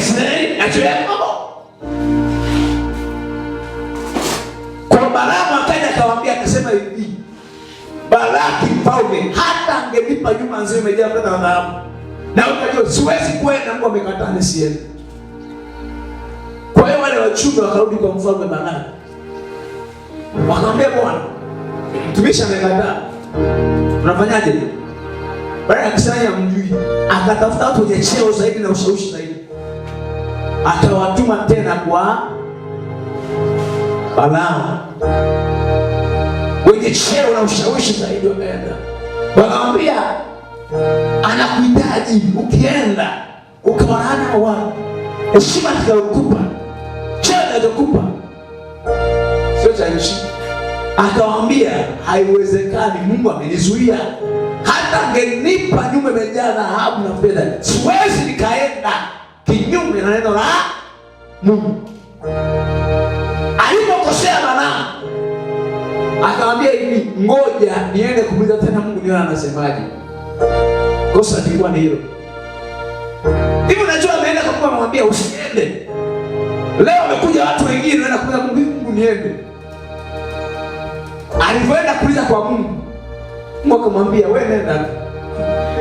Israeli akiwekamo. Kwa Balaamu akaja akamwambia akasema hivi, Balaki mfalme hata angenipa nyumba nzima imejaa fedha na dhahabu, na ukajua siwezi kwenda, Mungu amekataa nisiende. Kwa hiyo wale wachumi wakarudi kwa mfalme Balaki wakamwambia, bwana mtumishi amekataa, akatafuta watu wenye cheo zaidi na ushawishi zaidi atawatuma tena kwa Balaamu wenye cheo na ushawishi zaidi, wakaenda. Wakaambia anakuhitaji, ukienda ukawarana wa heshima atakayokupa, cheo atakayokupa sio cha nchi. Akawaambia haiwezekani, Mungu amenizuia hata ngenipa nyumba imejaa dhahabu na fedha, siwezi nikaenda kinyume na neno la Mungu. Alipokosea Balaamu akamwambia hivi, ngoja niende kuuliza tena Mungu niona anasemaje. Kosa lilikuwa ni hilo. Hivi unajua ameenda kwa Mungu amwambia usiende. Leo amekuja watu wengine wanaenda kuuliza Mungu, Mungu niende. Alipoenda kuuliza kwa Mungu, Mungu akamwambia wewe nenda.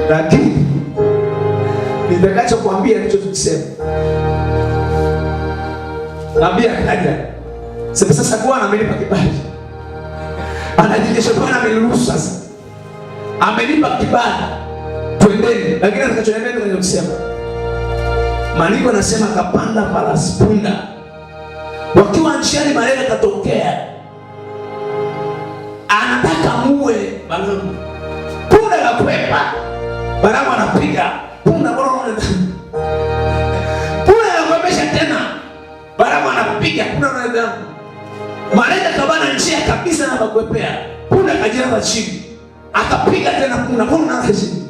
Lakini nitakachokwambia ndicho tukisema. Naambia kaja sasa, sasa Bwana amenipa kibali, anajilisha. Bwana ameniruhusu sasa, amenipa kibali, twendeni. Lakini atakachoniambia ndio tukisema. Maandiko nasema kapanda farasi punda, wakiwa njiani malaika katokea, anataka muwe Balamu. Punda la kwepa, Balamu anapiga punda kuna anakuomesha tena. Baramu anakupiga, kuna wanadamu. Malaika kabana njia kabisa na kukwepea. Kuna kajira chini. Akapiga tena kuna kuna chini.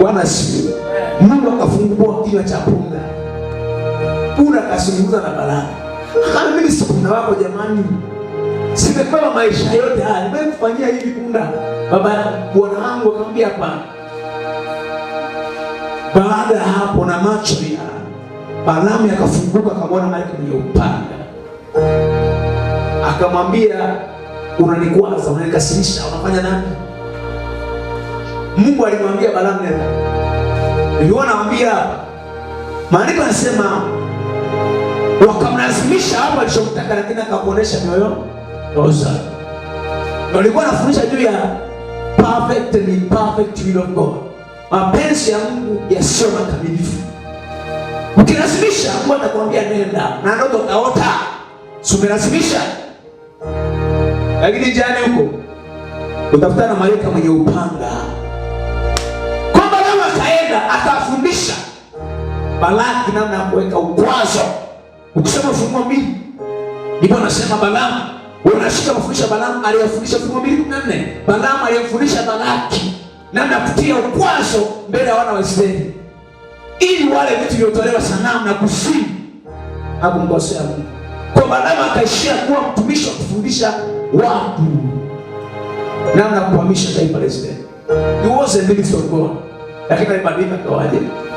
Bwana asifiwe. Mungu akafungua kinywa cha punda. Punda akazungumza na Balaamu. Akaambia mimi si punda wako jamani. Simepewa maisha yote haya. Nimekufanyia hivi punda. Baba bwana wangu akamwambia hapana. Baada ya hapo na macho ya Balaamu yakafunguka, akamwona malaika mwenye upanga, akamwambia unanikwaza, unanikasirisha, unafanya nani? Mungu alimwambia Balaamu neno nilikuwa naambia maandiko yanasema wakamlazimisha hapo alichomtaka, lakini akamuonesha mioyo oza. Walikuwa anafundisha juu ya perfect and imperfect will of God mapenzi ya Mungu yasiyo makamilifu. Ukilazimisha Mungu anakuambia nenda na ndoto utaota, si umelazimisha? Lakini jana huko utafuta na malaika mwenye upanga, kwamba kama kaenda atafundisha Balaki namna ya kuweka ukwazo. Ukisema Ufunuo mbili ndipo anasema Balaamu, unashika mafundisho Balaamu aliyofundisha Ufunuo mbili kumi na nne Balaamu aliyofundisha Balaki na nakutia ukwazo mbele ya wana wa Israeli ili wale vitu vilivyotolewa sanamu na kusimu hakumkosea Mungu. Kwa maana akaishia kuwa mtumishi wa kufundisha watu namna kuhamisha taifa la Israeli. He was a minister of God, lakini alibadilika kawaje?